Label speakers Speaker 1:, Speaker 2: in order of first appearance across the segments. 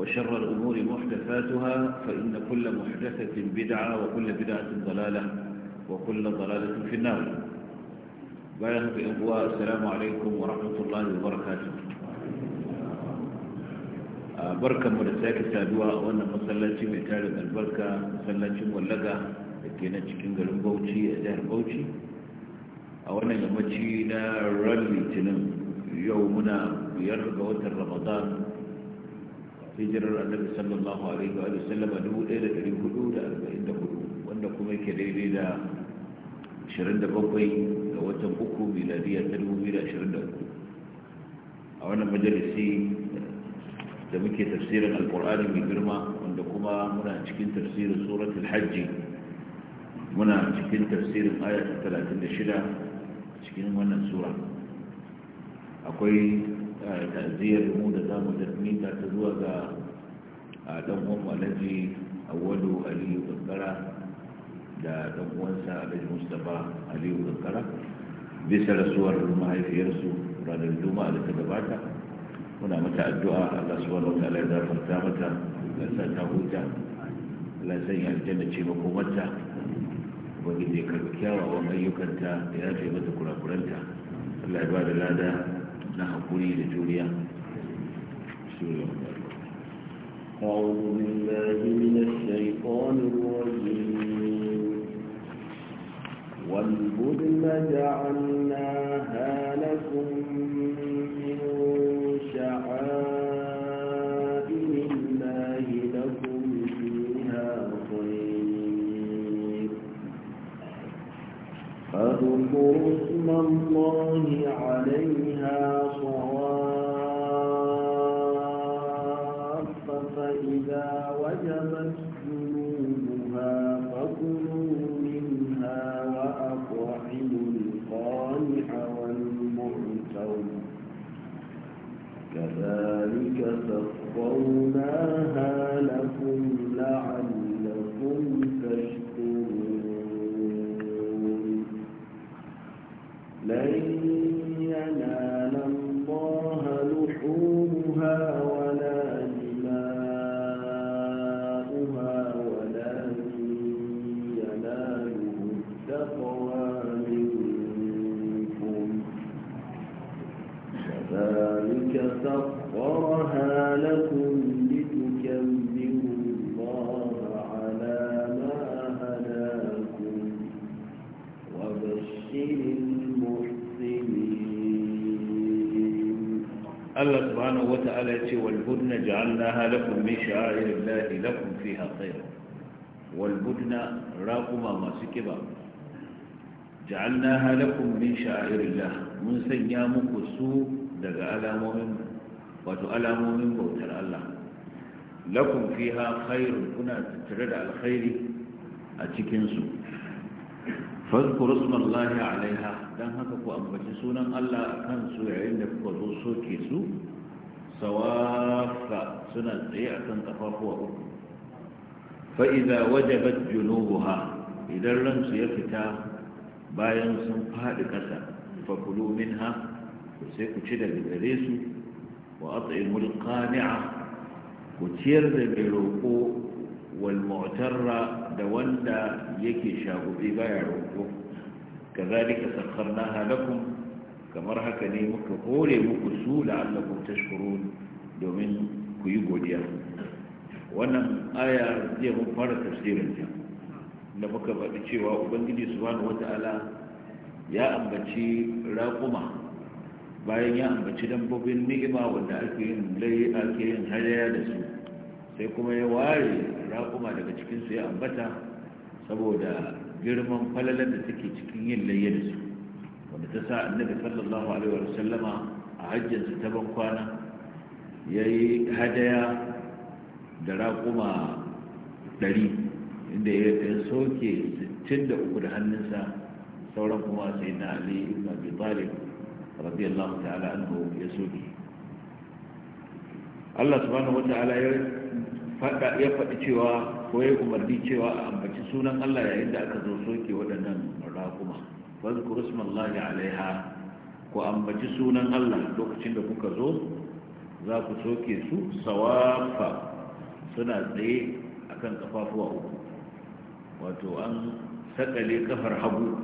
Speaker 1: وشر الأمور محدثاتها فإن كل محدثة بدعة وكل بدعة ضلالة وكل ضلالة في النار في بإقواء السلام عليكم ورحمة الله وبركاته آه، بركة مرساك السادوة وأن مصلاتي ميتالب البركة مصلاتي مولقة لكينا تشكين قلن بوتي أدار بوتي أولا يمتينا رمي تنم يومنا يرغب وتر رمضان hijirar annabi sallallahu alaihi wa sallam a 1444 wanda kuma yake daidai da 27 ga watan uku miladiya ta 2023 a wannan majalisi da muke tafsirin alkur'ani mai girma wanda kuma muna cikin tafsirin suratul hajji muna cikin tafsirin ayat 36 cikin wannan sura akwai ta'aziyar mu da zamu da mika ta zuwa ga dan uwan Alhaji Awwalu Aliyu Kankara da dan uwansa Alhaji Mustapha Aliyu Kankara bisa rasuwar mahaifiyarsu ranar Juma'a da ta gabata muna mata addu'a a subhanahu wa ta'ala ya zafarta mata da sa ta huta Allah sanya aljanna ce makomarta ubangiji ya karbi kyawawan ayyukanta da ya ce mata kurakuranta Allah ya ba da lada na haƙuri da أعوذ بالله من الشيطان
Speaker 2: الرجيم والبدن جعلناها لكم من شعائر الله لكم فيها خير فاذكروا اسم الله عليه فسخرناها لكم
Speaker 1: lakum min sha'irillah mun sanya muku su daga alamomin wato alamomin bautar Allah lakum fiha khairun kuna tattare da alkhairi a cikin su fadhkuru ismallahi alaiha dan haka ku ambaci sunan Allah kan su yayin da kuka zo soke su sawafa suna tsaye akan ƙafafuwa uku Fa'iza idza wajabat junubuha idan ransu ya fita bayan sun faɗi ƙasa fakulu min ha sai ku ci daga gare su wa atsayin qani'a ku ciyar da mai roƙo wal mu'tarra da wanda yake shagube baya roƙo kazalika sakharnaha lakum kamar haka ne muka hore muku su la'allakum tashkurun domin ku yi godiya wannan aya zai mun fara tafsirin ta da muka faɗi cewa ubangiji subhanahu wata'ala ya ambaci raƙuma bayan ya ambaci dambobin ni'ima wanda ake yin lai ake yin da su sai kuma ya ware raƙuma daga cikin ya ambata saboda girman falalar da take cikin yin layya da su wanda ta sa annabi sallallahu alaihi wa sallama a hajjinsa ta ban kwana ya yi hadaya da raƙuma ɗari inda ya soke 63 da hannunsa sauran kuma sai na ali ibn abi talib radiyallahu ta'ala anhu ya soke Allah subhanahu wata'ala ya faɗa ya faɗi cewa ko ya umarni cewa a ambaci sunan Allah yayin da aka zo soke waɗannan raƙuma fadhkuru ismallahi alaiha ku ambaci sunan Allah lokacin da kuka zo za ku soke su sawafa suna tsaye akan kafafuwa uku wato an sakale kafar hagu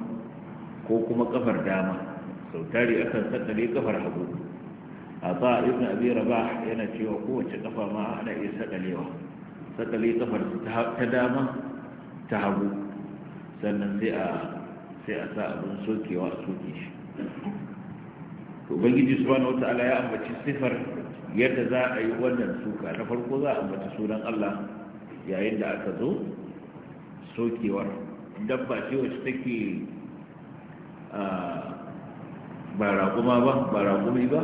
Speaker 1: ko kuma kafar dama sau tari akan sakale kafar hagu a ba ibn abi rabah yana cewa kowace kafa ma ana iya sakalewa sakale kafar ta dama ta hagu sannan sai a sai a sa abin sokewa a soke shi to ubangiji subhanahu wata'ala ya ambaci sifar yadda za a yi wannan suka na farko za a ambaci sunan Allah yayin da aka zo sokewar dabba ce wacce take ba raƙuma ba ba raƙumi ba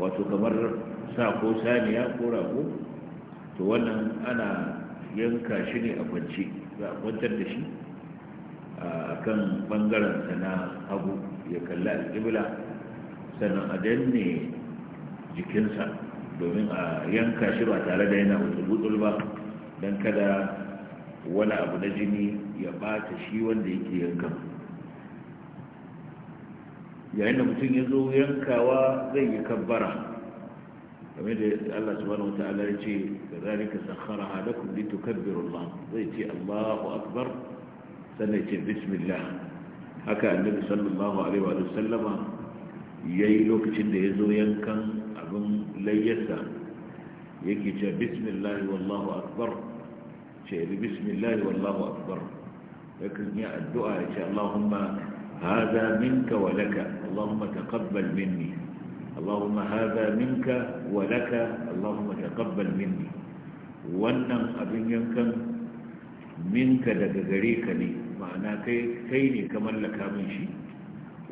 Speaker 1: wato kamar sa ko saniya ko raƙo to wannan ana yanka shi ne a kwance za a kwantar da shi a kan ta na hagu ya kalli alƙibla sannan a danne jikinsa domin a yanka shi ba tare da yana wutsul-wutsul ba don kada wani abu na jini ya bata shi wanda yake yanka yayin da mutum ya zo yankawa zai yi kabbara game da Allah subhanahu wa ta'ala ya ce da zalika sakharaha lakum litukabbiru zai ce Allahu akbar sannan ce bismillah haka annabi sallallahu alaihi wa sallama yayi lokacin da ya zo yankan abin layyarsa yake ce bismillah wallahu akbar ce bi bismillah wallahu akbar yakan yi addu'a ya ce Allahumma hadha minka wa laka Allahumma taqabbal minni Allahumma hadha minka wa laka Allahumma taqabbal minni wannan abin yankan minka daga gare ka ne ma'ana kai kai ne ka mallaka min shi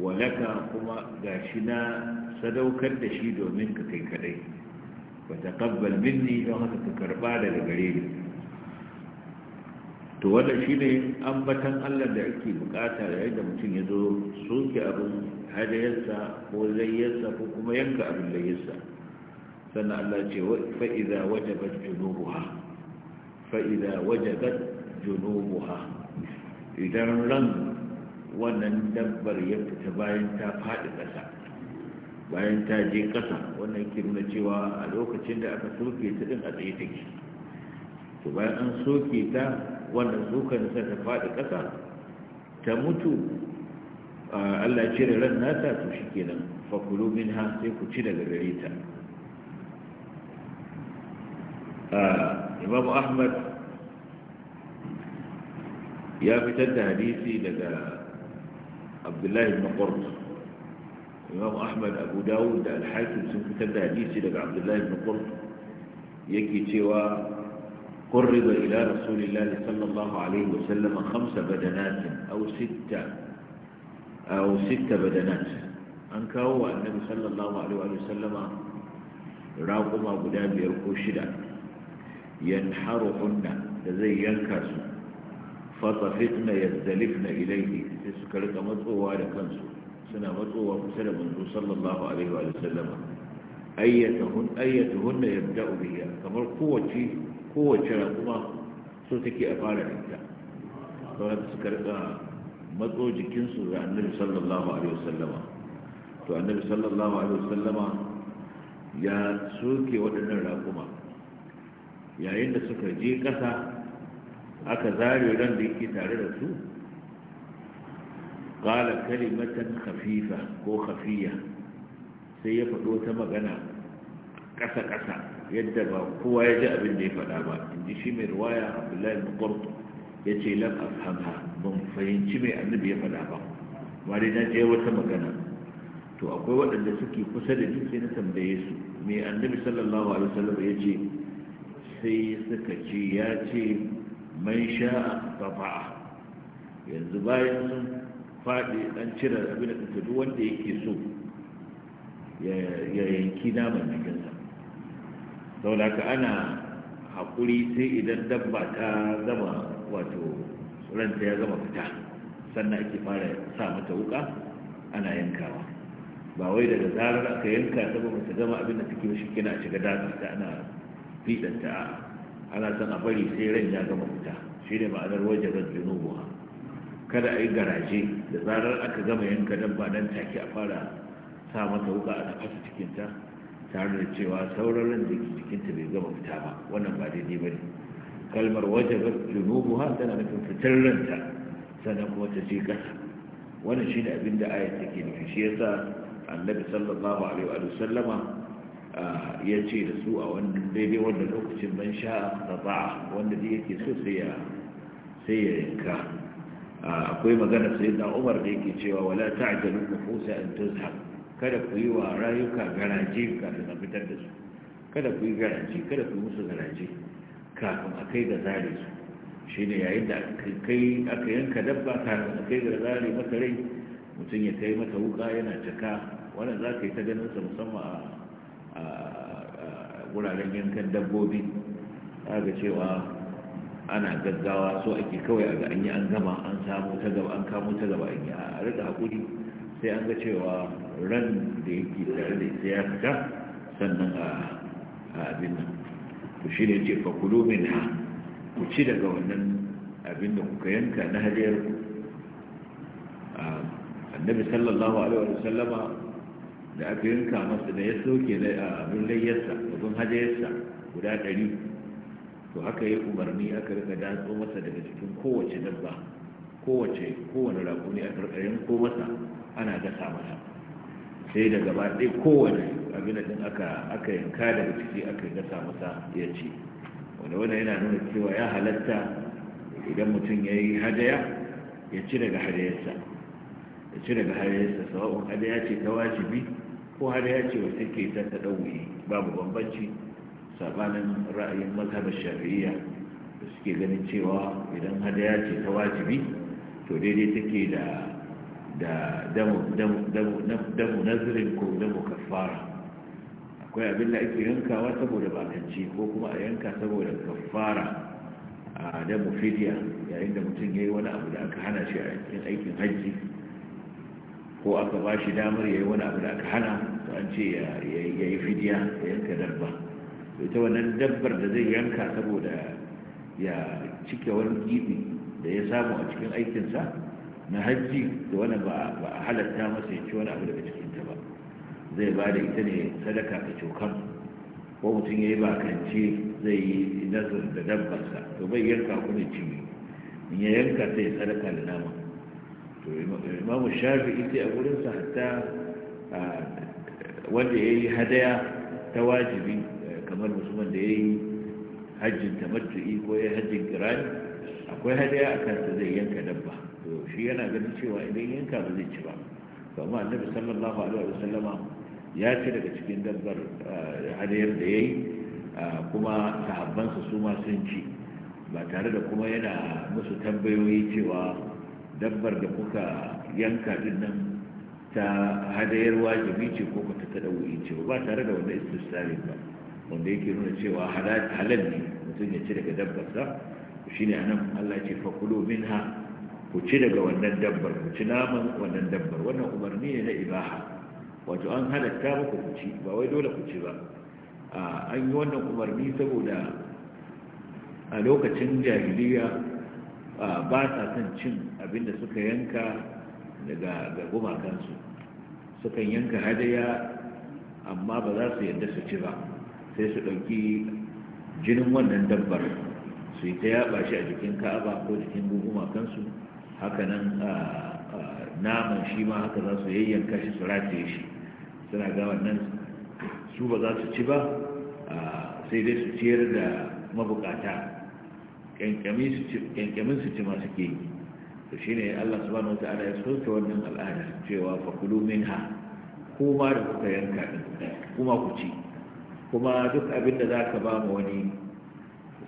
Speaker 1: wa laka kuma gashi na sadaukar da shi domin ka kai kadai wa taqabbal minni don haka ka karba daga gare ni to wannan shi ne ambatan allah da ake bukata yayin da mutum ya zo soke abin hadayarsa ko layyarsa ko kuma yanka abin layyarsa sannan allah ce fa'iza wajabat junubuha fa'iza wajabat junubuwa. idan ran wannan dabbar ya fita bayan ta faɗi ƙasa bayan ta je ƙasa wannan ke nuna cewa a lokacin da aka soke ta ɗin a tsaye take to bayan an soke ta wannan tsokan sa ta faɗi ƙasa ta mutu Allah cire ran nata to shikenan fa kulu minha sai ku ci daga gare ta Imam Ahmad ya fitar da hadisi daga Abdullahi ibn Qurt Imam Ahmad Abu Dawud da Al-Hakim sun fitar da hadisi daga Abdullahi ibn Qurt yake cewa قرب إلى رسول الله صلى الله عليه وسلم خمس بدنات أو ستة أو ست بدنات أنكوا النبي صلى الله عليه وسلم راقم أبو دابي الكوشدة ينحرهن لذي ينكس فطفتن يزدلفن إليه تسكرك مطوى لكنس سنة مطوى فسنة صلى الله عليه وسلم أيتهن, أيتهن يبدأ بها كما القوة kowace raƙuma so take a fara ita saboda suka rika matso jikinsu da annabi sallallahu alaihi wasallama to annabi sallallahu alaihi wasallama ya soke waɗannan raƙuma yayin da suka je ƙasa aka zare ran da yake tare da su ƙala kalimatan khafifa ko khafiya sai ya faɗo ta magana ƙasa-ƙasa yadda ba kowa ya ji abin da ya faɗa ba in ji shi mai ruwaya abdullahi bin qurtu ya ce lam afhamha ban fahimci mai annabi ya faɗa ba ba dai na je wata magana to akwai waɗanda suke kusa da duk sai na tambaye su mai annabi sallallahu alaihi wasallam ya ce sai suka ce ya ce man sha'a tafa'a yanzu bayan sun faɗi ɗan cire abin da duk wanda yake so ya yanki naman jikinsa saboda ka ana haƙuri sai idan dabba ta zama wato ranta ya zama fita sannan ake fara sa mata wuka ana yankawa ba wai daga zarar aka yanka ta ba ta zama abin da take shi kina shiga daji ta ana fidanta a ana son a bari sai ran ya gama fita shi ne ma'anar wajen rajunubuwa kada a yi garaje da zarar aka gama yanka dabba nan take a fara sa mata wuka ana fasa cikinta tare da cewa sauraron da ke jikinta bai gama fita ba wannan ba daidai ba ne kalmar waje ba junubu ha tana nufin fitar ranta sannan kuma ta ce kasa wannan shi ne abin da ayat ke nufi shi yasa annabi sallallahu alaihi wa sallama ya ce da su a wannan daidai wanda lokacin ban sha taba'a wanda da yake so sai ya sai ya yanka akwai magana sayyidina umar da yake cewa wala ta'jalu nufusa an tuzhab kada ku yi wa rayuka garaje kafin a fitar da su kada ku yi garaje kada ku musu garaje kafin a kai ga zare su shi ne yayin da aka yanka dabba kafin a kai ga zare mata rai mutum ya kai mata wuka yana cika wannan za ka yi ta ganin sa musamman a wuraren yankan dabbobi za ga cewa ana gaggawa so ake kawai a ga an yi an gama an samu ta gaba an kamo ta gaba an yi a rika hakuri sai an ga cewa ran da yake tare da ita ya fita sannan a abin nan to shi ne ce fakulu min ha ku ci daga wannan abin da kuka yanka na hajiyar annabi sallallahu alaihi wa sallama da aka yanka masa da ya soke abin layyarsa abin hajiyarsa guda ɗari to haka ya umarni aka rika datso masa daga cikin kowace dabba kowace kowane rakuni a karkarin ko masa ana gasa masa sai da gaba ɗaya kowane abin da aka aka yanka daga ciki aka yi gasa masa ya ce wanda wanda yana nuna cewa ya halatta idan mutum ya yi hadaya ya ci daga hadayarsa ya ci daga hadayarsa sababin hadaya ce ta wajibi ko hadaya ce wata ke ta ta ɗauye babu bambanci sabanin ra'ayin mazhabar shari'iyya da suke ganin cewa idan hadaya ce ta wajibi to daidai take da da damu nazirin ko damu kafara akwai abin da ake yankawa saboda bakanci ko kuma a yanka saboda kafara a damu fidya yayin da mutum ya yi wani abu da aka hana shi a cikin aikin hajji ko aka ba shi damar ya yi wani abu da aka hana to an ce ya yi fidya ya yanka darba ita wannan dabbar da zai yanka saboda ya cike wani gibi da ya samu a cikin aikinsa na hajji da wani ba a halatta masa ya ci wani abu daga cikinta ba zai ba da ita ne sadaka ta cokan ko mutum ya yi bakance zai yi nazar da dabbarsa to bai yanka ne ci in ya yanka sai ya sadaka da nama to imamu shafi ita a gurinsa hatta wanda ya yi hadaya ta wajibi kamar musamman da ya yi hajjin tamattu'i ko ya yi hajjin kirani akwai hadaya a kansa zai yanka dabba to shi yana ganin cewa idan yanka ba zai ci ba to amma annabi sallallahu alaihi wa sallama ya ci daga cikin dabbar eh, hadiyar da yayi eh, kuma sahabbansa su ma sun ci ba tare da kuma yana musu tambayoyi cewa dabbar da kuka yanka din nan ta hadayar wajibi ce ko ta tadawuyi ce ba tare da wanda istisari ba wanda yake nuna cewa halal ne mutum ya ci daga dabbar sa shine anan Allah ya ce fakulu minha ku ci daga wannan dabbar ku ci naman wannan dabbar wannan umarni ne na ibaha wato an halatta muku ku ci ba wai dole ku ci ba an yi wannan umarni saboda a lokacin jahiliya ba sa son cin abinda suka yanka daga ga gumakansu sukan yanka hadaya amma ba za su yadda su ci ba sai su ɗauki jinin wannan dabbar su yi ta yaba shi a jikin ka'aba ko jikin gugu gumakansu hakanan nan naman shi ma haka za su yayyanka shi su rataye shi suna ga wannan su ba za su ci ba sai dai su ciyar da mabukata kyankyamin su ci masu ke yi to shi ne allah ba na ta'ala ya soke wannan al'ada cewa fakulu min ha
Speaker 2: kuma da kuka yanka
Speaker 1: kuma ku ci kuma duk abin da za ka ba mu wani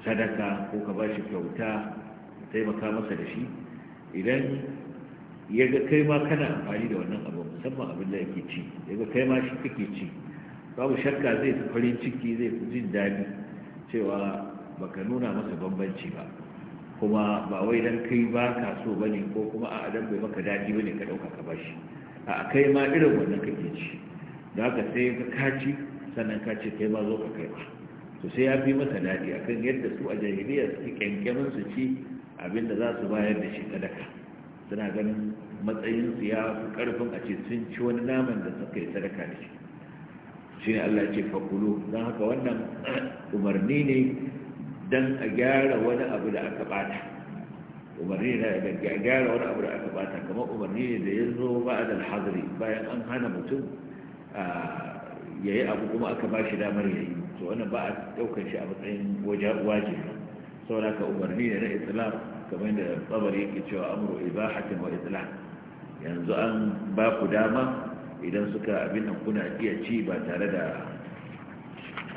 Speaker 1: sadaka ko ka ba shi kyauta taimaka masa da shi idan ya ga kai ma kana amfani da wannan abu musamman abin da yake ci ya ga kai ma shi kake ci babu shakka zai fi farin ciki zai fi jin daɗi cewa baka nuna masa bambanci ba kuma ba wai dan kai ba ka so ba ne ko kuma a adam bai maka daɗi ba ne ka ɗauka ka ba shi a kai ma irin wannan kake ci da haka sai ka kaci sannan ka ce kai ma zo ka kai to sai ya fi masa daɗi akan yadda su a jahiliya suke kyankyamin su ci Abin da za su bayar da shi sadaka suna ganin matsayinsu ya fi karfin a ce sun ci wani naman da suka yi sadaka da shi shi ne Allah ce fakulu don haka wannan umarni ne don a gyara wani abu da aka bata umarni ne da a gyara wani abu da aka bata kamar umarni ne da ya zo ba a dalhazari bayan an hana mutum ya yi abu kuma aka ba shi damar ya yi to wannan ba a ɗaukar shi a matsayin Sau da ka umarni ne na islam kamar yadda tsabar yake cewa amru ibahatin wa islam yanzu an ba ku dama idan suka abin nan kuna iya ci ba tare da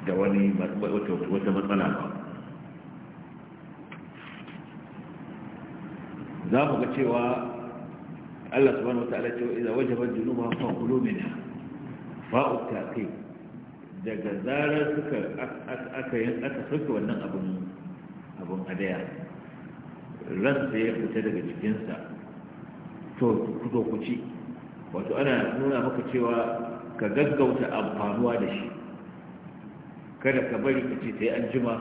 Speaker 1: da wani wata matsala ba za mu ga cewa Allah subhanahu wa ta'ala cewa idan wajabar junuba fa kulu minha fa taqi daga zarar suka aka yin aka sauke wannan abun abun adaya ransa ya fita daga jikinsa to zo ku ci wato ana nuna maka cewa ka gaggauta amfanuwa da shi kada ka bari ka ce sai an jima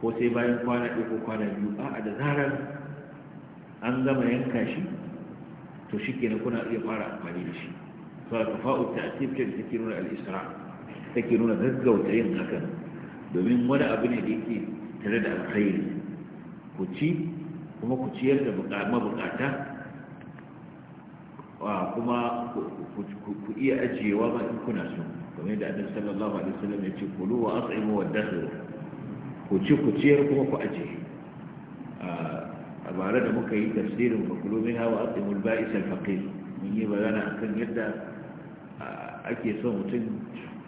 Speaker 1: ko sai bayan kwana ɗaya ko kwana biyu a da zarar an gama yanka shi to shi kenan kuna iya fara amfani da shi a kafa uta a cikin da take nuna al'isra take nuna gaggauta yin hakan domin wani abu ne da yake tare da alkhairi ku ci kuma ku ciyar da mabukata kuma ku iya ajiyewa ba in kuna so kamar yadda annabi sallallahu alaihi wasallam ya ce kulu wa at'imu wa dasu ku ci ku ciyar kuma ku ajiye a bare da muka yi tafsirin fa kulu hawa wa at'imu al-ba'is al-faqir mun yi bayana akan yadda ake son mutum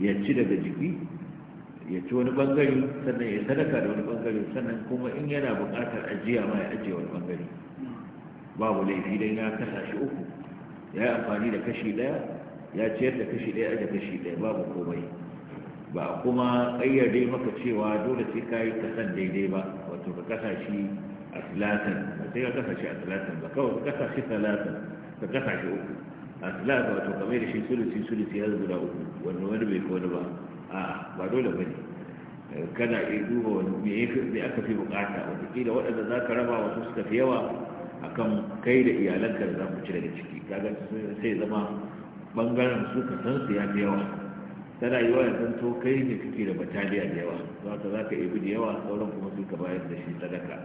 Speaker 1: ya ci daga jiki ya ci wani bangare sannan ya sadaka da wani bangare sannan kuma in yana buƙatar ajiya ma ya ajiye wani bangare babu laifi dan ya kasa shi uku ya yi amfani da kashi ɗaya ya ciyar da kashi ɗaya aje kashi ɗaya babu komai ba kuma ƙayyade maka cewa dole sai ka yi kasan daidai ba wato ka kasa shi a silatan ba sai ka kasa shi a silatan ba kawai ka kasa shi silatan ka kasa shi uku a silatan wato kamar da shi sulusi sulusi ya zuba uku wani wani bai kone ba a ba dole ne. kana iya duba wani me aka fi bukata kila waɗanda za ka raba wasu suka fi yawa akan kai da iyalanka da za ku ci daga ciki kaga sai zama ɓangaren su ka san su ya fi yawa tana yi wa yanzu to kai ne kake da bataliya da yawa za ka za ka ibi da yawa sauran kuma su ka bayar da shi sadaka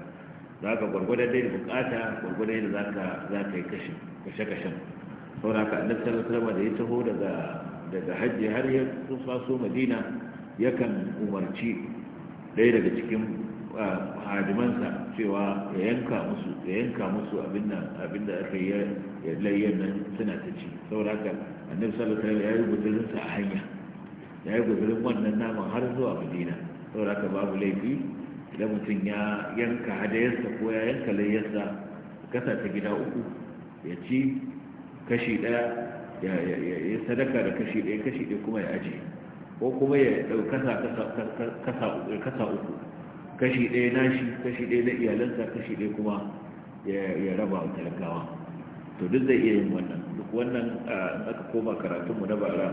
Speaker 1: za ka gwargwadon dai da bukata gwargwadon da za ka yi kashe kashen saboda haka annabi sallallahu alaihi da ya taho daga daga hajji har ya faso madina yakan umarci ɗaya daga cikin hadimansa cewa ya yanka musu ya yanka musu abin da aka yi ya layyan nan suna ta ci sauraka annabi sallallahu alaihi ya yi gudunsa a hanya ya yi gudun wannan naman har zuwa madina sauraka babu laifi idan mutum ya yanka hadayarsa ko ya yanka layyarsa kasa ta gida uku ya ci kashi ɗaya ya sadaka da kashi ɗaya kashi ɗaya kuma ya ajiye ko kuma ya ɗauka kasa uku kashi ɗaya shi kashi ɗaya na iyalansa kashi ɗaya kuma ya raba wa talakawa to duk zai iya yin wannan duk wannan aka koma karatunmu na bara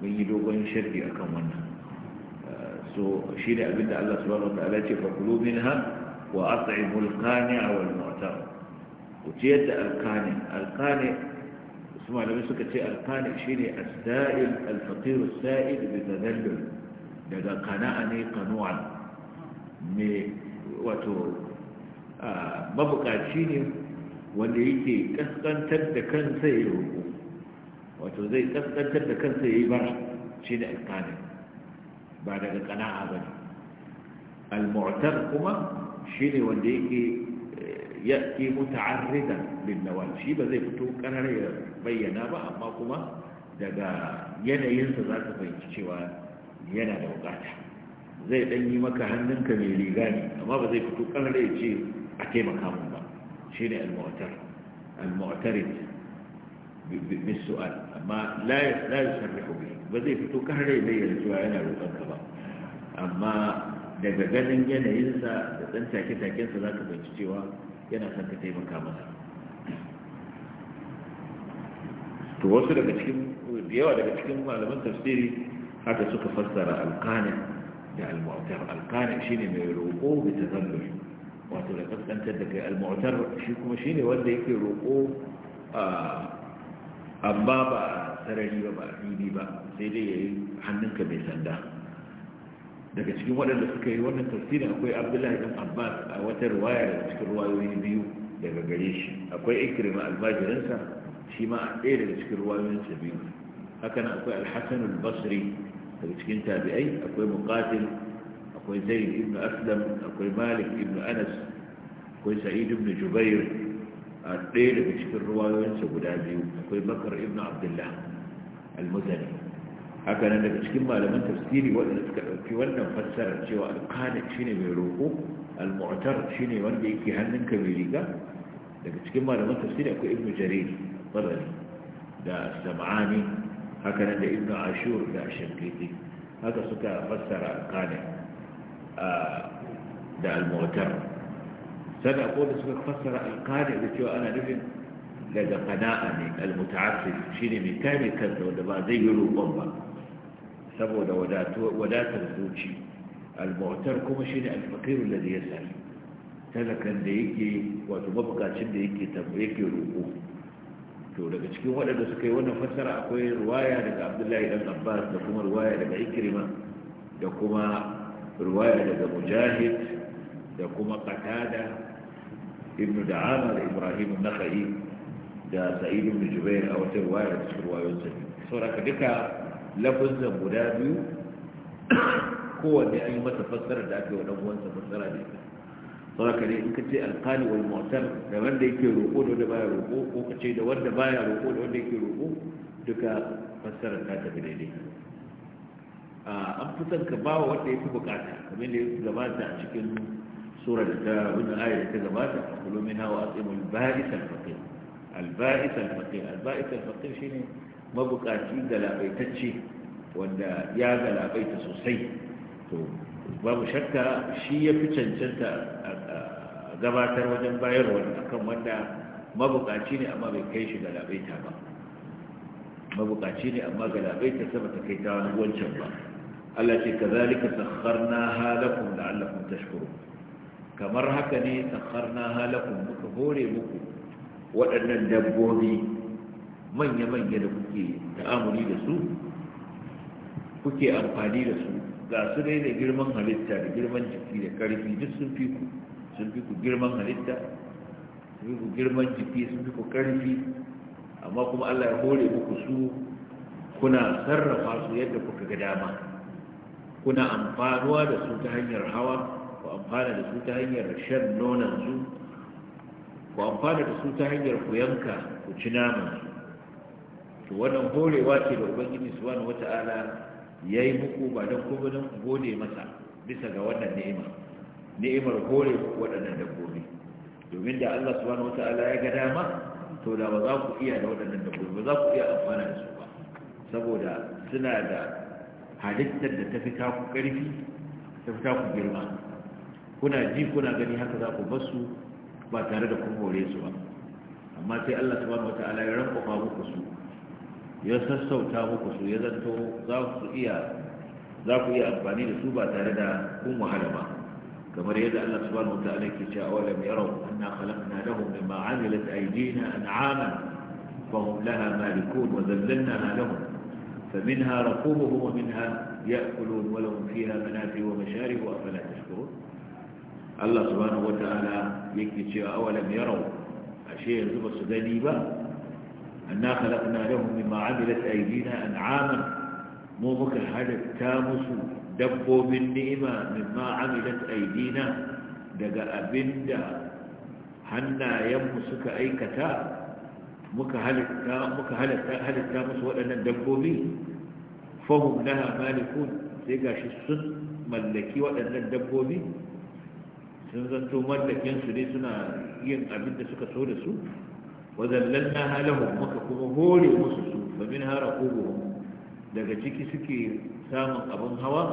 Speaker 1: mun yi dogon sharhi akan wannan so shi ne abinda Allah subhanahu wa ta'ala ce fakulu minha wa at'imul a wal mu'tar ku ciyar da alqani alqani ثم على بس كتي أركان شيني السائل الفقير السائل بتذلل لدى قناعني قنوعا مي واتو مبقى شيني واللي يتي كسكن تبدا كان سيهو واتو زي كسكن تبدا كان سيهي بار شيني أركان بعد ذلك قناع هذا المعتر كما شيني واللي يتي ya'ti muta'arridan lin nawal shi ba zai fito karar ya bayyana ba amma kuma daga yanayinsa za ka fahimci cewa yana da bukata zai dan yi maka hannunka mai riga ne amma ba zai fito karar ya ce a taimaka mun ba shi shine al-mu'tar al-mu'tarid بالسؤال أما ba zai fito به بذي فتوك cewa yana الجوائنا ka ba amma daga ganin yanayinsa da ɗan take-takensa za ka fahimci cewa yana son ka taimaka masa to wasu daga cikin yawa daga cikin malaman tafsiri haka suka fassara alqani da almu'tar alqani shine mai roƙo bi tazallul wato da kaskantar da kai almu'tar shi kuma shine wanda yake roƙo amma ba sarari ba ba fili ba sai dai yayi hannunka mai sanda daga cikin waɗanda suka yi wannan tafsirin akwai abdullahi ɗan abbas a wata ruwaya daga cikin ruwayoyi biyu daga gare shi akwai ikrima almajirinsa shi ma a ɗaya daga cikin ruwayoyinsa biyu Hakan akwai alhassan albasri daga cikin tabi'ai akwai muqatil akwai zaid ibn aslam akwai malik ibn anas akwai sa'id ibn jubair a ɗaya daga cikin ruwayoyinsa guda biyu akwai bakar ibn abdullah almuzani haka nan daga cikin malaman tafsiri waɗanda suka ɗauki wannan fassara cewa alƙanin shine mai roƙo al-mu'tar shine wanda yake hannunka mai riga daga cikin malaman tafsiri akwai ibnu jarir barani da sam'ani haka nan da ibnu ashur da shankiti haka suka fassara alƙanin da al-mu'tar sannan ko da suka fassara alƙanin da cewa ana nufin daga qana'a ne al-muta'assif shine mai kame kansa wanda ba zai yi roƙon ba saboda wadatar zuci albautar kuma kuma shine al-faqir ya yas'al talakan da yake wato mabukacin da yake tambaye roƙo to daga cikin waɗanda suka yi wannan fassara akwai ruwaya daga Abdullahi dan Abbas da kuma ruwaya daga Ikrima da kuma ruwaya daga Mujahid da kuma Qatada ibn Da'ama da Ibrahim an-Nakhai da Sa'id ibn Jubair a wata ruwaya da cikin ruwayoyin sa sauraka duka lafazan guda biyu kowanne an yi masa fassara da aka yi wa fassara ne ita saboda ne in ka ce alkali wani motar da wanda yake roƙo da wanda baya roƙo ko ka ce da wanda baya roƙo da wanda yake roƙo duka fassara ta tafi daidai an fi son ka ba wa wanda ya fi bukata kamar da ya fi gabata a cikin sura da ta wani aya da ta gabata a kulomin hawa a tsimul ba'is al-faqir al-ba'is al-faqir al shine mabukaci galabaitacce wanda ya galabaita sosai to babu shakka shi ya fi cancanta a gabatar wajen bayarwa akan wanda mabukaci ne amma bai kai shi galabaita ba mabukaci ne amma galabaita sama ta kai ta wani wancan ba Allah ce ka zalika sakharna Allah kun tashkurun kamar haka ne sakharna halakum muka hore muku waɗannan dabbobi manya-manya da ku. kuke ta'amuli da su kuke amfani da su ga su dai da girman halitta da girman jiki da karfi duk sun fi ku sun fi ku girman halitta sun fi ku girman jiki sun fi ku karfi amma kuma Allah ya hore muku su kuna sarrafa su yadda kuka ga dama kuna amfanuwa da su ta hanyar hawa ku amfana da su ta hanyar shan nonan su ku amfana da su ta hanyar ku yanka ku ci naman su
Speaker 2: to wannan horewa ce da ubangiji subhanahu wata'ala yayi muku ba dan kuma don gode
Speaker 1: masa bisa ga wannan ni'ima ni'imar hore waɗannan dabbobi domin da Allah subhanahu wata'ala ya ga dama to da ba za ku iya da waɗannan dabbobi ba za ku iya amfana da su ba saboda suna da halittar da ta ku taku tafi ta ku girma kuna ji kuna gani haka za ku basu ba tare da kun hore su ba amma sai Allah subhanahu wata'ala ya rankofa muku su ya sassauta muku su ya zanto za ku iya za ku iya amfani da su ba tare da kun wahala ba kamar yadda Allah subhanahu wataala yake cewa awalam yarau anna khalaqna lahum mimma amilat aydina an'aman fahum laha malikun wa zallalnaha lahum فمنها ركوبهم ومنها يأكلون ولهم فيها منافع ومشارب أفلا تشكرون الله سبحانه وتعالى يكتشف أولم يروا أشياء su gani ba. أنا خلقنا لهم مما عملت أيدينا أنعاما مو ممكن هذا التامس دبوا بالنئمة مما عملت أيدينا دقى أبندا هنا يمسك أي كتاب muka halitta musu waɗannan dabbobi fahim laha malikun sai gashi sun mallaki waɗannan dabbobi sun zanto mallakinsu ne suna yin abin da suka so da su wazallanna halahum muka kuma hore musu su fa min haraquhum daga ciki suke samun abin hawa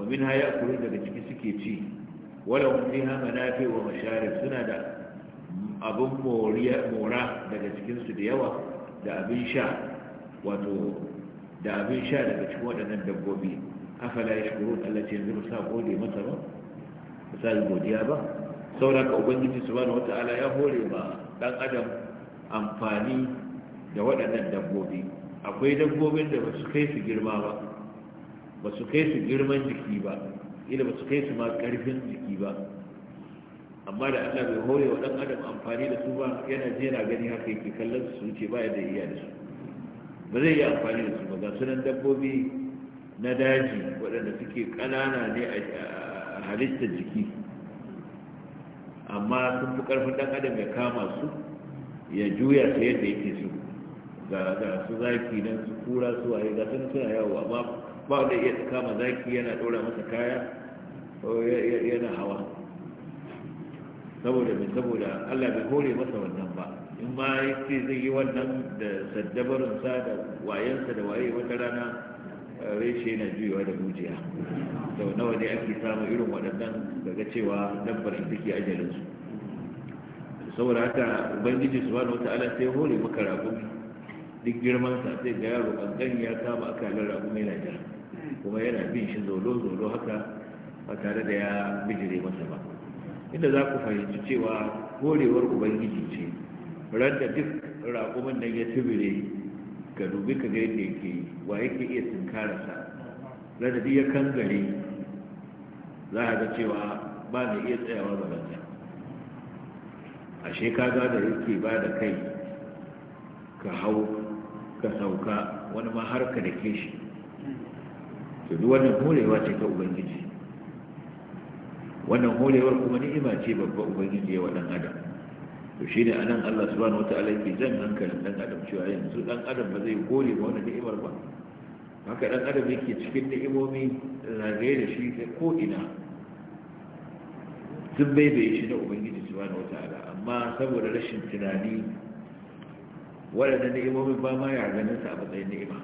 Speaker 1: wa min haya kuri daga ciki suke ci wala hum fiha manafi wa masharib suna da abin mora daga cikinsu da yawa da abin sha wato da abin sha daga cikin waɗannan dabbobi afala yashkurun Allah ce yanzu ba sa gode masa ba ba sa godiya ba saboda ka ubangiji wata ala ya hore ba dan adam amfani da waɗannan dabbobi akwai dabbobin da ba su kai su girma ba ba su kai su girman jiki ba ila ba su kai su ma ƙarfin jiki ba amma da allah bai hore wa ɗan adam amfani da su ba yana je gani haka yake kallon su ce ba yadda iya da su ba zai yi amfani da su ba ga sunan dabbobi na daji waɗanda suke ƙanana ne a halittar jiki amma sun fi ƙarfin ɗan adam ya kama su ya juya ta yadda yake so ga su zaki don su kura su waye ga sun suna yawo amma ba wanda iya kama zaki yana ɗora masa kaya yana hawa saboda mai saboda allah bai hore masa wannan ba in ma ya ce zai yi wannan da saddabarinsa da wayensa da waye wata rana eh, reshe na juyawa da bujiya sau nawa ne ake samun irin waɗannan daga cewa dabbar da take ajalinsu saboda haka ubangiji su wata wata'ala sai hore maka raƙumi duk girman sa sai ga yaro a gan ya kama akalar ragumi na jira kuma yana bin shi zolo zolo haka ba tare da ya bijire masa ba inda za ku fahimci cewa horewar ubangiji ce da duk raƙumin nan ya tubire ka dubi ka ga yadda yake wa yake iya tunkararsa randa duk ya kangare za a ga cewa ba mai iya tsayawa ba gabansa ashe kaga da yake ba da kai ka hau ka sauka wani ma har ka da ke shi to duk wannan horewa ce ta ubangiji wannan horewar kuma ni'ima ce babba ubangiji ya wadan adam to shine anan Allah subhanahu wataala yake zan hankalin dan adam cewa yanzu dan adam ba zai gore ba wannan ni'imar ba haka dan adam yake cikin ni'imomi zagaye da shi ko ina sun bai bai shi na ubangiji subhanahu wataala amma saboda rashin tunani waɗanda ni'imomin ba ma ya ganin sa a matsayin ni'ima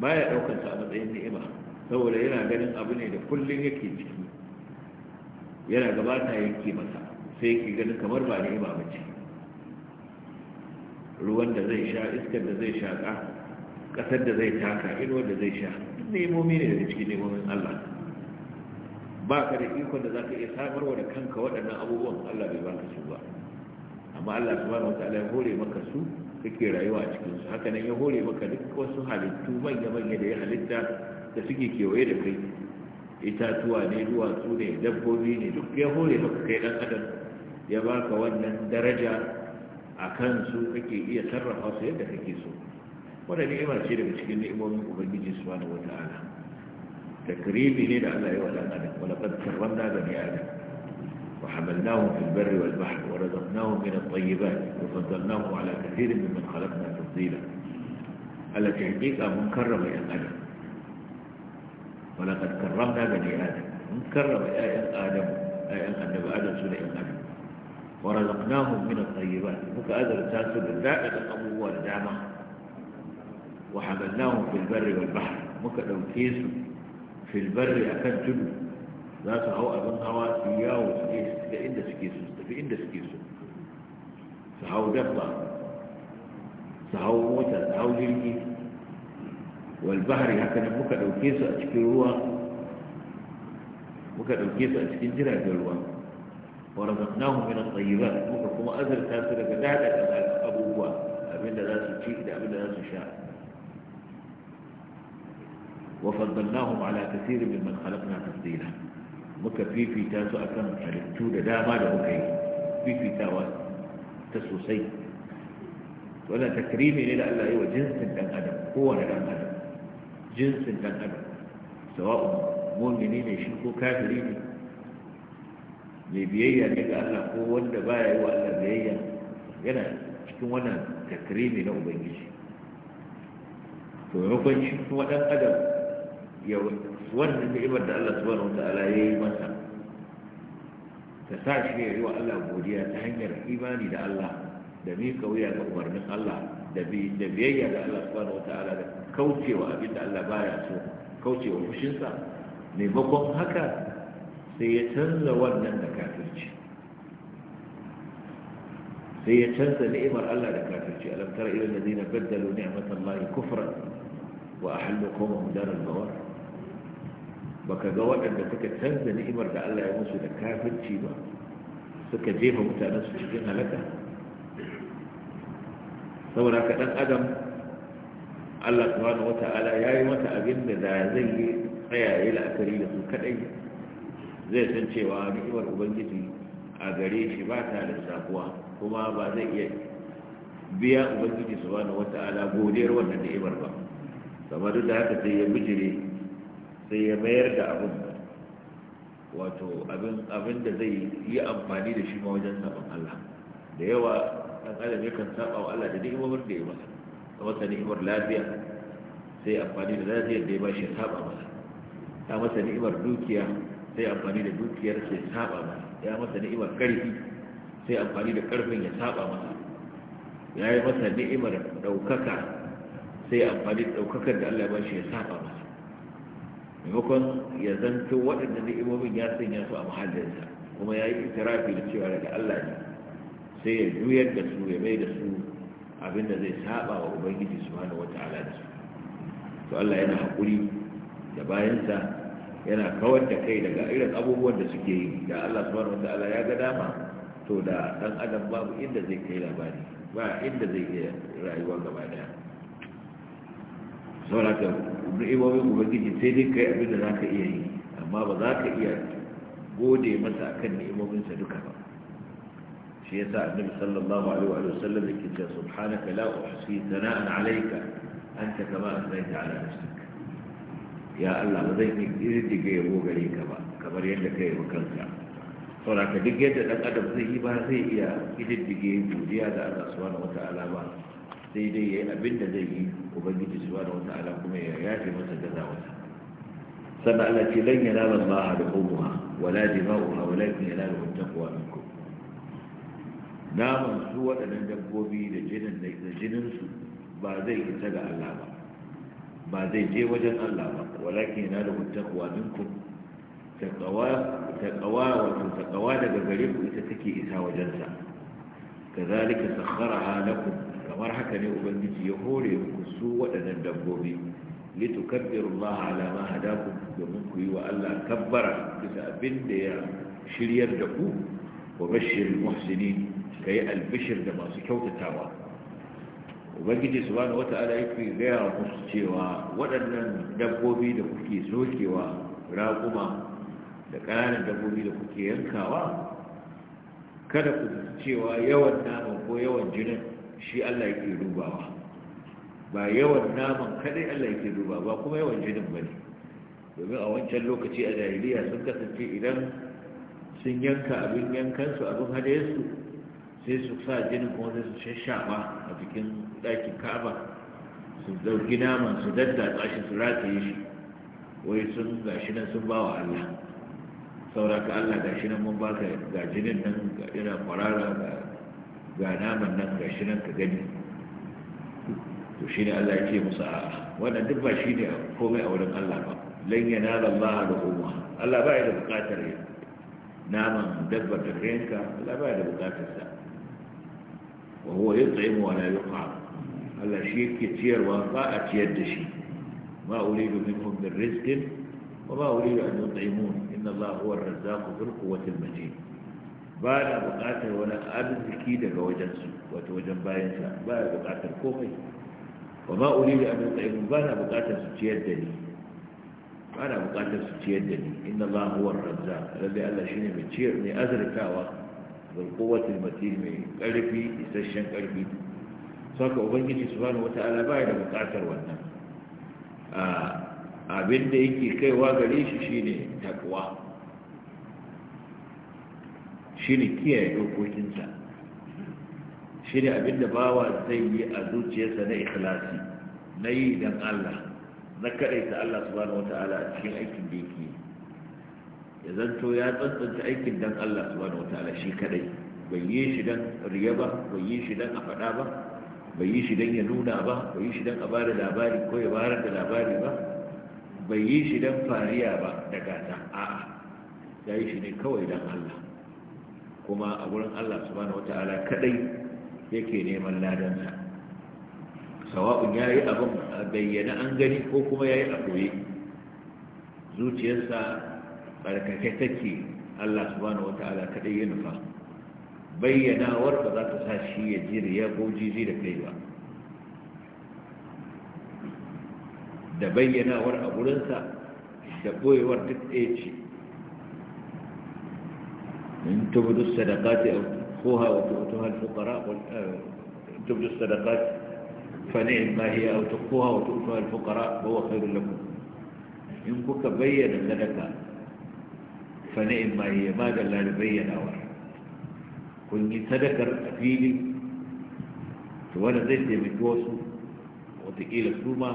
Speaker 1: ba ya ɗaukar sa a matsayin ni'ima saboda yana ganin abu ne da kullum yake ciki yana gabata yake masa sai yake ganin kamar ba ni'ima ba ce ruwan da zai sha iskar da zai shaƙa ƙasar da zai taka inuwar da zai sha ni'imomi ne daga cikin ni'imomin Allah ba ka da ikon da za ka iya samarwa da kanka waɗannan abubuwan Allah bai baka su ba amma Allah subhanahu wataala ya hore maka su kake rayuwa a cikin su haka nan ya hore maka duk wasu halittu manya manya da ya halitta da suke kewaye da kai itatuwa ne duwatsu ne dabbobi ne duk ya hore maka kai dan adam ya baka wannan daraja a kansu kake iya sarrafa su yadda kake so Waɗanne ni'ima ce daga cikin ni'imomin ubangiji subhanahu wataala تكريمه لنا أيها الأمانة ولقد كرمنا بني آدم وحملناهم في البر والبحر ورزقناهم من الطيبات وفضلناهم على كثير ممن خلقنا تفضيلا التي حقيقة من كرم آدم ولقد كرمنا بني آدم من كرم آية آدم آية أن آدم سنة آدم ورزقناهم من الطيبات هذا تاسو بالدائق الأبوة الدامة وحملناهم في البر والبحر مكأ لو كيسوا filbarri a kan tudu za su hau abin hawa su yawo su je su ga inda suke su tafi inda suke so su hau dabba su hau mota su hau jirgi walbahari haka nan muka ɗauke su a cikin ruwa muka ɗauke su a cikin jiragen ruwa wa razaqnahum min at-tayyibat muka kuma azurta su daga daɗaɗɗen alƙa wa faddalnahum ala kaseer mimman khalaqna tafdila muka fifita su akan halittu da dama da muka yi fifitawa ta sosai wannan takrimi ne da Allah yi wa jinsin dan adam kowane dan adam jinsin dan adam sawa'un mu'mini ne shi ko kafiri ne mai biyayya ne ga Allah ko wanda baya yi wa Allah biyayya yana cikin wannan takrimi na ubangiji to yankon shi kuma dan adam ya wannan ni'imar da Allah subhanahu wataala ya yi masa ta sa shi ya yi wa Allah godiya ta hanyar imani da Allah da mika wuya ga umarnin Allah da biyayya da Allah subhanahu wataala da kaucewa abin da Allah baya so kaucewa fushinsa maimakon haka sai ya canza wannan da kafirci sai ya canza ni'imar Allah da kafirci alam tara ila alladhina baddalu ni'matallahi kufran wa ahallu qawmahum dar al-bawar baka ga waɗanda suka canza ni'imar da Allah ya musu da kafirci ba suka jefa mutanen su cikin halaka saboda ka dan adam Allah subhanahu wata'ala ya yi mata abin da da zai yi tsaya ya la'akari da su kadai zai san cewa ni'imar ubangiji a gare shi ba ta da sabuwa kuma ba zai iya biya ubangiji subhanahu wata'ala godiyar wannan ni'imar ba kamar da haka sai ya bijire sai ya mayar da abin wato abin da zai yi amfani da shi ma wajen saban Allah da yawa ɗan adam kan saba wa Allah da ni'imar da ya masa ta masa ni'imar lafiya sai amfani da lafiyar da ya ba shi ya saba masa ta masa ni'imar dukiya sai amfani da dukiyar sai saba masa ya masa ni'imar karfi sai amfani da karfin ya saba masa ya yi masa ni'imar ɗaukaka sai amfani da ɗaukakar da Allah ya ba shi ya saba masa maimakon ya zanto waɗanda ni'imomin ya sanya su a mahallinsa kuma ya yi itirafi da cewa daga Allah ne sai ya juyar da su ya mai da su abinda zai saba wa ubangiji su hana da su to Allah yana haƙuri da bayansa yana kawar da kai daga irin abubuwan da suke yi da Allah su wata wata'ala ya ga dama to da ɗan adam babu inda zai kai labari ba inda zai iya rayuwa gaba daya saboda ka ni'imomin ubangiji sai dai kai abin da za ka iya yi amma ba za ka iya gode masa akan ni'imominsa duka ba shi ya sa annabi sallallahu alaihi wa sallam yake cewa subhanaka la uhsi thana'an alayka anta kama asnaita ala nafsik ya Allah ba zan irdige yabo gare ka ba kamar yadda ka kai yabo kanka saboda duk yadda dan adam zai yi ba zai iya irdige godiya ga Allah subhanahu wata'ala ba sai dai yayi abin da zai yi ubangiji subhanahu wata'ala kuma ya yafe masa gazawarsa sannan Allah ce lan yanala Allah luhumuha wala dima'uha walakin yanaluhu taqwa minkum naman su waɗannan dabbobi da jinin da jinin su ba zai isa ga Allah ba ba zai je wajen Allah ba walakin yanaluhu taqwa minkum taqwa taqwa wato taqwa daga gare ku ita take isa wajensa kazalika sakharaha lakum kamar haka ne ubangiji ya hore muku su waɗannan dabbobi litukabbiru Allah ala ma hadakum domin ku yi wa Allah kabbara bisa abin da ya shiryar da ku wa bashir muhsinin kai albishir da masu kyautatawa ubangiji subhanahu wata'ala yake gaya wa musu cewa waɗannan dabbobi da kuke sokewa raƙuma da ƙananan dabbobi da kuke yankawa kada ku cewa yawan naman ko yawan jinin shi Allah yake dubawa ba yawan naman kadai Allah yake duba ba kuma yawan jinin ba ne. domin a wancan lokaci a jahiliya sun kasance idan sun yanka abin yankansu abin hadayarsu sai su sa jinin kuma sai su shashaba a cikin ɗakin ka'aba su ɗauki naman su daddatsa tsashi su rataye shi wai sun gashi nan sun bawa Allah sauraka Allah gashi nan mun baka ga jinin nan ga ina kwarara ga ga naman nan ga shi nan ka gani to shi ne Allah ya ce musu a wannan duk ba shi ne komai a wurin Allah ba lan yana da Allah da umma Allah ba ya da bukatar ya naman dabbar da kayanka Allah ba ya da bukatar sa wa huwa yut'imu wa la yut'am Allah shi yake ciyarwa ba a ciyar da shi ma uridu minhum min rizqin wa ma uridu an yut'imun inna Allah huwa ar-razzaqu dhul quwwati al-matin ba na buƙatar wani arziki daga wajensu wato wajen bayansa ba na buƙatar komai wa ma da abin yutaimu ba na buƙatar su ciyar da ni ba na buƙatar su ciyar da ni inna Allah huwa ar-razzaq lalle Allah ne mai ciyar mai azurkawa, bil kowace al mai ƙarfi isasshen ƙarfi saka ubangiji su subhanahu wataala ba ya da buƙatar wannan ah, abin da yake kaiwa gare shi shine takwa shi ne kiyaye dokokinsa shi ne abinda bawa zai yi a zuciyarsa na ikhlasi na yi don Allah na kaɗaita Allah subhanahu wa a cikin aikin da yake ya zanto ya tsantsanta aikin don Allah subhanahu wa shi kaɗai bai yi shi don riya ba bai yi shi don a faɗa ba bai yi shi don ya nuna ba bai yi shi don a bada labari ko ya bayar da labari ba bai yi shi don fariya ba da gata a'a ya yi shi ne kawai don Allah kuma a wurin Allah subhanahu wata'ala kadai yake neman ladansa sawa'un yayi abin bayyana an gani ko kuma yayi a koyi zuciyarsa barkake take Allah subhanahu wata'ala kadai ya fa. bayyanawar ba za ta sa shi ya jiri ya goji da kai ba da bayyanawar a gurinsa da boyewar duk ɗaya ce إن تبدوا الصدقات أو تخوها وتؤتوها الفقراء إن تبدوا الصدقات فنعم ما هي أو تخوها وتؤتوها الفقراء فهو خير لكم إن كنت بين صدقة فنعم ما هي ما دل لا نبين أول كن صدقة أفيلي وانا زي تيمكوسو وتقيل السومة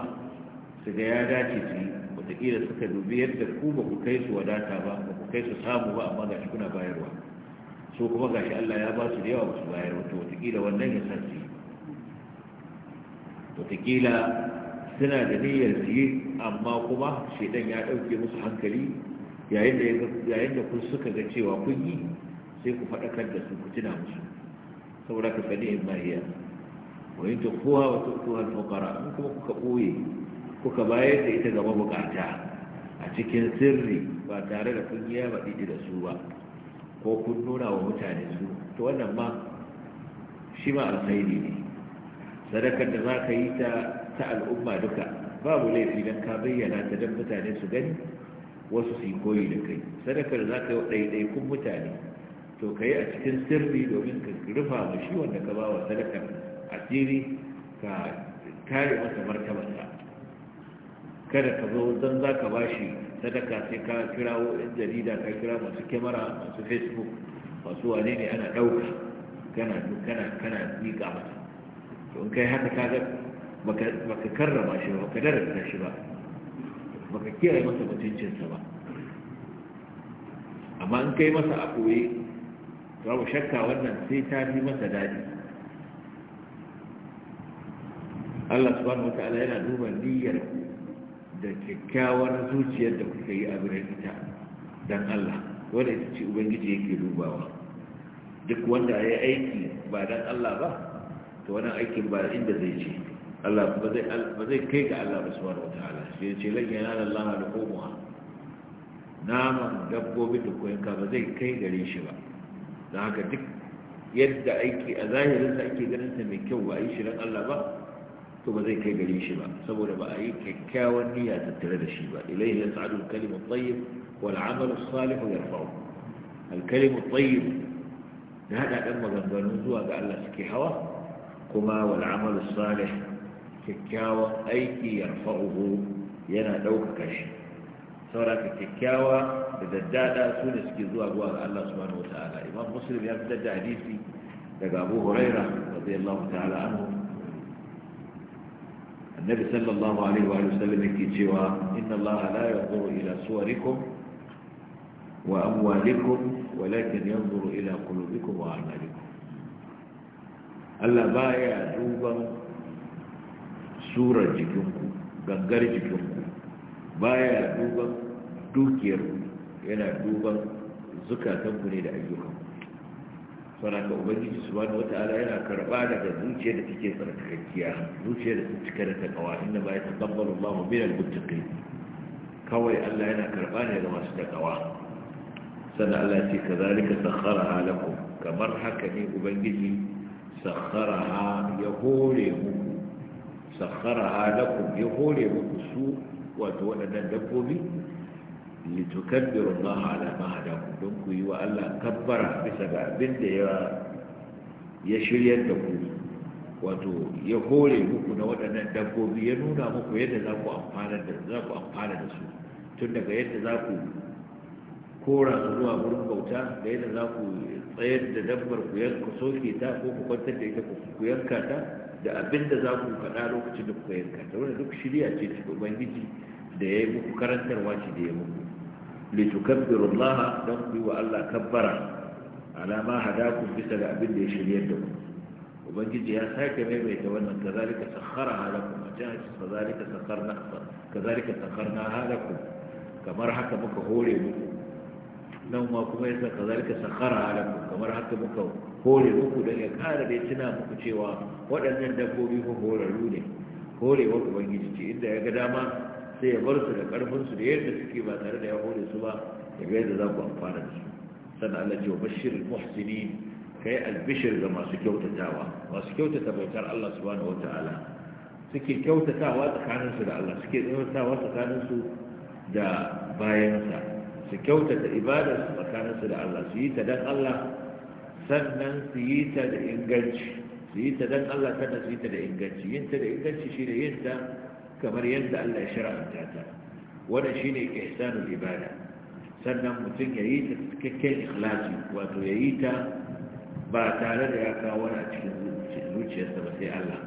Speaker 2: سجياداتي وتقيل سكدو بيد كوبا وكيس وداتا بقى kai su samu ba amma gashi kuna bayarwa
Speaker 1: so kuma gashi Allah ya ba su da yawa su bayar wato wataƙila wannan ya san su wataƙila suna da niyyar su yi amma kuma shaidan ya ɗauke musu hankali yayin da kun suka ga cewa kun yi sai ku faɗakar da su ku tuna musu saboda ka sani in mahiya wa yin tukkuwa wa tukkuwa fukara in kuma kuka ɓoye kuka bayar da ita gaba bukata a cikin sirri ba tare da kun yi yaba ɗiɗi da su ba ko kun nuna wa mutane su to wannan ma shi ma alkhairi ne sadakar da za ka yi ta ta al'umma duka babu laifi don ka bayyana ta don mutane su gani wasu su yi koyi da kai sadakar za ka yi wa ɗaiɗaikun mutane to ka yi a cikin sirri domin ka rufa ma shi wanda ka ba wa sadakar asiri ka kare masa martabarsa kada ka zo don za ka ba shi sadaka sai ka kirawo yan jarida ka kira masu kyamara masu facebook masu wane ne ana ɗauka kana kana kana nika masa to in kai haka ka kaga baka karrama shi ba ka darasa shi ba baka kiyaye masa mutuncinsa ba amma in kai masa a koyi babu shakka wannan sai ta fi masa daɗi Allah subhanahu wa ta'ala yana duba niyyar ku da kyakkyawar zuciyar da kuka yi abin ita don Allah wanda ita ce ubangiji yake dubawa duk wanda ya aiki ba don Allah ba to wannan aikin ba inda zai ce Allah ba zai kai ga Allah ba subhanahu wata ala. ya ce yana da Allah da komowa naman dabbobi da koyanka ba zai kai gare shi ba don haka duk yadda aiki a zahirinsa ake ganin ta mai kyau ba a yi shirin Allah ba to ba zai kai gare shi ba saboda ba a yi kyakkyawan niyya tattare da shi ba ilaihi yas'adu al-kalimu at wal 'amalu as-salih yarfa'u al-kalimu hada dan maganganu zuwa ga Allah suke hawa kuma wal 'amalu as-salih kyakkyawan aiki yarfa'uhu yana ɗaukaka shi saboda kyakkyawa da daddada su ne suke zuwa zuwa ga Allah subhanahu wa ta'ala imam muslim ya fitar da hadisi daga abu huraira radiyallahu ta'ala anhu النبي صلى الله عليه وآله وسلم يكتوى إن الله لا ينظر إلى صوركم وأموالكم ولكن ينظر إلى قلوبكم وأعمالكم Allah baya duban surar jikinku gangar jikinku baya duban dukiyarku yana duban zukatanku ne da ayyukan saraka ubangiji su ba wata ala yana karba daga zuciya da take tsarkakakkiya zuciya da take cika da takawa inda ba ya taqabbalu Allahu min al-muttaqin kawai Allah yana karba ne ga masu takawa sannan Allah ya ce kazalika sakharaha lakum kamar haka ne ubangiji ha ya hore muku sakharaha lakum ya hore muku su wato waɗannan dabbobi litukabbiru Allah ala ma hadaku don ku yi wa Allah kabbara bisa ga abin da ya ya shiryar da ku wato ya hore muku na waɗannan dabbobi ya nuna muku yadda za ku amfana da za ku amfana da su tun daga yadda za ku kora su zuwa wurin bauta da yadda za ku tsayar da dabbar ku ku soke ta ko ku kwantar da ita ku yanka ta da abin da za ku faɗa lokacin da kuka yanka ta wanda duk shirya ce ta ubangiji da ya yi muku karantarwa shi da ya muku litukabbiru Allah dan ku wa Allah kabbara ala ma hadakum bisa ga abin da ya shirye da ku ubangiji ya sake mai maimaita wannan kazalika sakhara halakum a can kazalika sakharna kazalika sakharna halakum kamar haka muka hore muku nan ma kuma yasa kazalika sakhara halakum kamar haka muka hore muku dan ya kara da tuna muku cewa waɗannan dabbobi ko horarru ne horewar ubangiji ce inda ya ga dama sai ya bar su da karfinsu da yadda suke ba tare da ya hore su ba ya ga yadda za ku amfana da su sannan Allah ce wa bashir muhsini kai albishir ga masu kyautatawa masu kyautata bautar Allah subhanahu wataala suke kyautatawa tsakaninsu da Allah suke kyautatawa tsakaninsu da bayansa su kyautata ibadar su tsakaninsu da Allah su yi ta dan Allah sannan su yi ta da inganci su yi ta dan Allah sannan su yi ta da inganci yin ta da inganci shine yin ta kamar yadda Allah ya shar'anta ta wannan shine ihsanul ibada sannan mutum ya yi ta cikakken ikhlasi wato ya yi ta ba tare da ya kawo wani a cikin zuciyarsa ba sai Allah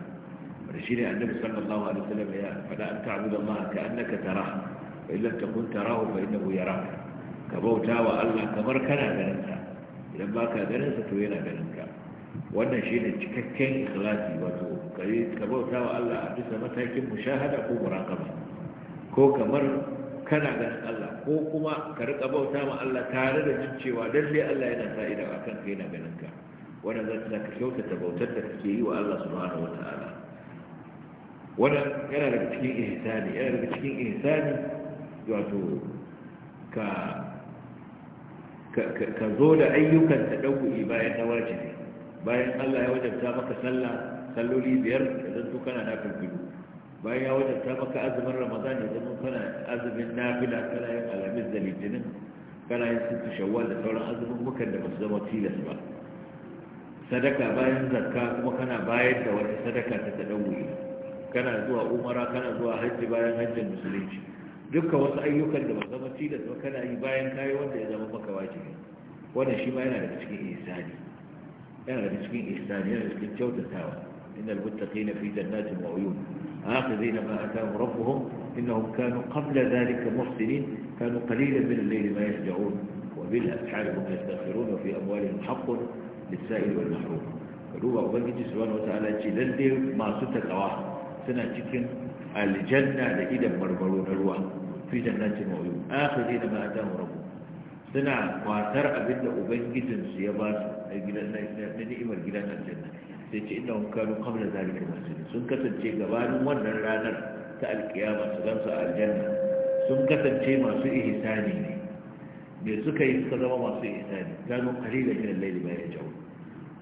Speaker 1: wanda shine annabi sallallahu alaihi wasallam ya faɗa an ta'budu Allah ka annaka tara, fa illam takun tarahu fa innahu yaraka ka bautawa Allah kamar kana ganin sa idan baka ganin sa to yana ganin ka wannan shine cikakken ikhlasi wato kai ka bauta wa Allah a bisa matakin mushahada ko muraqaba ko kamar kana ganin Allah ko kuma ka rika bauta ma Allah tare da jin cewa lalle Allah yana sa ido akan kai yana ganin ka wannan zai sa ka kyautata bautar da kake yi wa Allah subhanahu wataala wannan yana daga cikin ihsani yana daga cikin ihsani wato ka ka zo da ayyukan ta dauki bayan na wajibi bayan Allah ya wajabta maka sallah Kalloli biyar da zanto kana nafil biyu bayan ya ta maka azumin ramadan ya zama kana azumin nafila kana yin alamis da litinin kana yin sittu shawwal da sauran azumin mukan da basu zama tilas ba sadaka bayan zakka kuma kana bayar da wata sadaka ta tadawuri kana zuwa umara kana zuwa hajji bayan hajjin musulunci dukkan wasu ayyukan da ba zama tilas ba kana yi bayan kayi wanda ya zama maka wajibi wannan shi ma yana daga cikin ihsani yana da cikin ihsani yana da cikin kyautatawa إن المتقين في جنات وعيون آخذين ما أتاهم ربهم إنهم كانوا قبل ذلك محسنين كانوا قليلا من الليل ما يشجعون وبالأسحار هم يستغفرون وفي أموالهم حق للسائل والمحروم فلوبا أبنجي سبحانه وتعالى جلد ما ستك واحد سنة جكن الجنة لإيدا مرمرون الوان في جنات وعيون آخذين ما أتاهم ربهم سنة واتر أبن أبنجي سيباس لنئمر جلان الجنة sai ce inda hun kanu kamar zalika masjid sun kasance gabanin wannan ranar ta alkiyama su gansu a aljanna sun kasance masu ihsani ne me suka yi suka zama masu ihsani kanu qalila min al-layli bayan yaj'un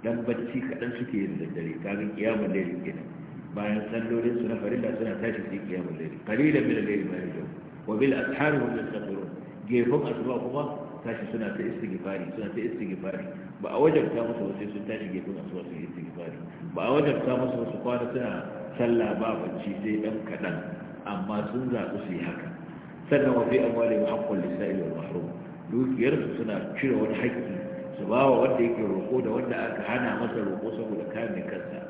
Speaker 1: dan bacci kaɗan suke yin daddare, dare kaga kiyamul layli kenan bayan sallolin su na farilla suna tashi su kiyamul layli qalila min al-layli ma yaj'un wa bil ashar hum yastaghfirun Gefen asuba kuma tashi suna ta istighfari suna ta istighfari ba a wajabta musu wasu sun tashi suwa su wasu istighfari ba a wajen ta musu wasu kwana suna sallah ba bacci sai dan kadan amma sun zaɓi su yi haka sannan wa an amwali wa haqqul lisa'il wal mahrum dukiyar su suna cire wani haƙƙi su ba wa wanda yake roƙo da wanda aka hana masa roƙo saboda kame kansa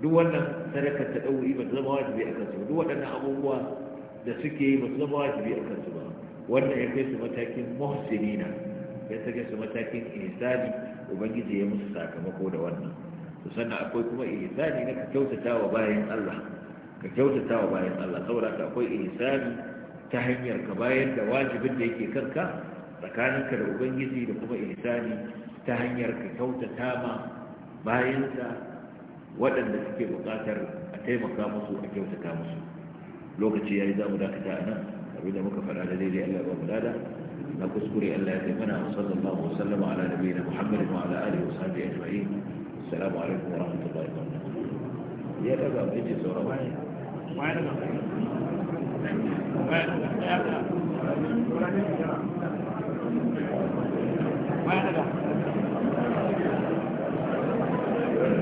Speaker 1: duk wannan sadakar ta ɗauri ba ta zama wajibi a kansu ba duk waɗannan abubuwa da suke yi ba su zama wajibi a kansu ba Wannan ya kai su matakin muhsinina ya sake su matakin ihsani ubangiji ya musu sakamako da wannan Su sannan akwai kuma ihsani na ka kyautata wa bayan Allah ka kyautata wa bayan Allah saboda akwai ihsani ta hanyar ka da wajibin da yake kanka tsakaninka da ubangiji da kuma ihsani ta hanyar ka kyautata ma bayansa waɗanda suke buƙatar a taimaka musu a kyautata musu lokaci ya yi za mu dakata a nan abinda muka faɗa da daidai Allah ba mu dada na kuskure Allah ya taimana sallallahu alaihi wasallam ala nabiyina Muhammad wa ala alihi wa sahbihi ajma'in assalamu alaikum wa rahmatullahi wa barakatuh ya daga abin da sauran bayan bayan bayan bayan bayan